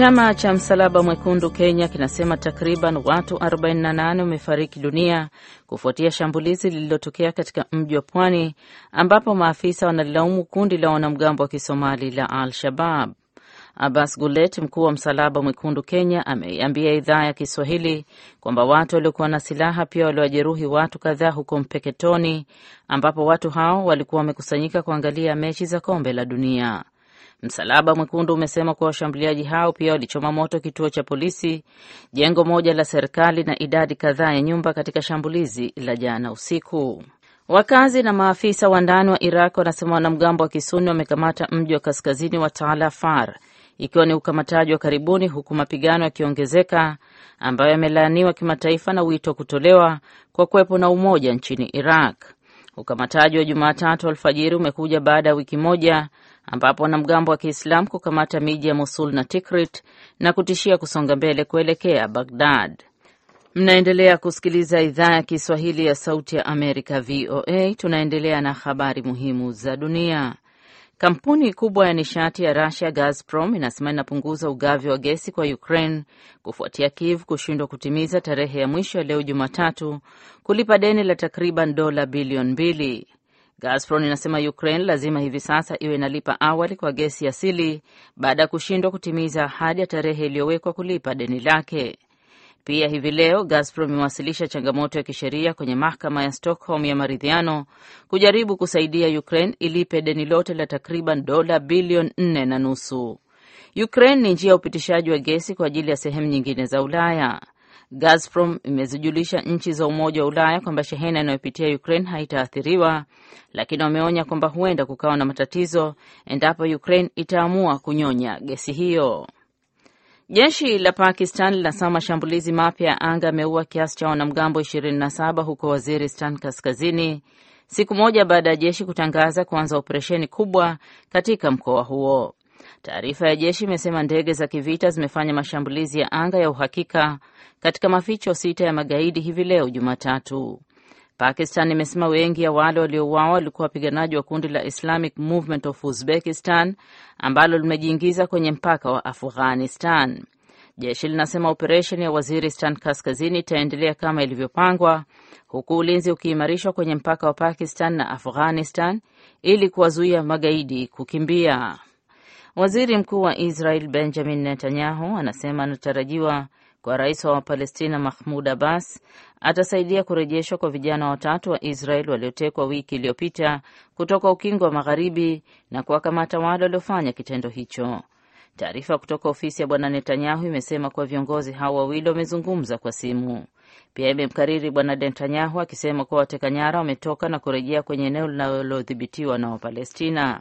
Chama cha Msalaba Mwekundu Kenya kinasema takriban watu 48 wamefariki dunia kufuatia shambulizi lililotokea katika mji wa Pwani, ambapo maafisa wanalilaumu kundi la wanamgambo wa Kisomali la Al-Shabab. Abbas Gulet, mkuu wa Msalaba Mwekundu Kenya, ameiambia idhaa ya Kiswahili kwamba watu waliokuwa na silaha pia waliwajeruhi watu kadhaa huko Mpeketoni, ambapo watu hao walikuwa wamekusanyika kuangalia mechi za kombe la dunia. Msalaba Mwekundu umesema kuwa washambuliaji hao pia walichoma moto kituo cha polisi, jengo moja la serikali na idadi kadhaa ya nyumba katika shambulizi la jana usiku. Wakazi na maafisa wa ndani wa Iraq wanasema wanamgambo wa Kisuni wamekamata mji wa kaskazini wa Tal Afar, ikiwa ni ukamataji wa karibuni, huku mapigano yakiongezeka ambayo yamelaaniwa kimataifa na wito kutolewa kwa kuwepo na umoja nchini Iraq. Ukamataji wa Jumatatu alfajiri umekuja baada ya wiki moja ambapo wanamgambo wa Kiislamu kukamata miji ya Mosul na Tikrit na kutishia kusonga mbele kuelekea Bagdad. Mnaendelea kusikiliza idhaa ya Kiswahili ya Sauti ya Amerika, VOA. Tunaendelea na habari muhimu za dunia. Kampuni kubwa ya nishati ya Rusia Gazprom inasema inapunguza ugavi wa gesi kwa Ukraine kufuatia Kiev kushindwa kutimiza tarehe ya mwisho ya leo Jumatatu kulipa deni la takriban dola bilioni mbili. Gazprom inasema Ukraine lazima hivi sasa iwe inalipa awali kwa gesi asili baada ya kushindwa kutimiza ahadi ya tarehe iliyowekwa kulipa deni lake. Pia hivi leo Gazprom imewasilisha changamoto ya kisheria kwenye mahakama ya Stockholm ya maridhiano kujaribu kusaidia Ukraine ilipe deni lote la takriban dola bilioni nne na nusu. Ukraine ni njia ya upitishaji wa gesi kwa ajili ya sehemu nyingine za Ulaya. Gazprom imezijulisha nchi za Umoja wa Ulaya kwamba shehena inayopitia Ukraine haitaathiriwa, lakini wameonya kwamba huenda kukawa na matatizo endapo Ukraine itaamua kunyonya gesi hiyo. Jeshi la Pakistan linasema mashambulizi mapya ya anga yameua kiasi cha wanamgambo 27 huko Waziristan Kaskazini, siku moja baada ya jeshi kutangaza kuanza operesheni kubwa katika mkoa huo. Taarifa ya jeshi imesema ndege za kivita zimefanya mashambulizi ya anga ya uhakika katika maficho sita ya magaidi hivi leo Jumatatu. Pakistan imesema wengi ya wale waliouawa walikuwa wapiganaji wa kundi la Islamic Movement of Uzbekistan ambalo limejiingiza kwenye mpaka wa Afghanistan. Jeshi linasema operesheni ya Waziristan kaskazini itaendelea kama ilivyopangwa, huku ulinzi ukiimarishwa kwenye mpaka wa Pakistan na Afghanistan ili kuwazuia magaidi kukimbia. Waziri Mkuu wa Israel Benjamin Netanyahu anasema anatarajiwa kwa rais wa Palestina Mahmud Abbas atasaidia kurejeshwa kwa vijana watatu wa Israel waliotekwa wiki iliyopita kutoka ukingo wa magharibi na kuwakamata wale waliofanya kitendo hicho. Taarifa kutoka ofisi ya bwana Netanyahu imesema kuwa viongozi hao wawili wamezungumza kwa simu. Pia imemkariri bwana Netanyahu akisema kuwa wateka nyara wametoka na kurejea kwenye eneo linalodhibitiwa na Wapalestina.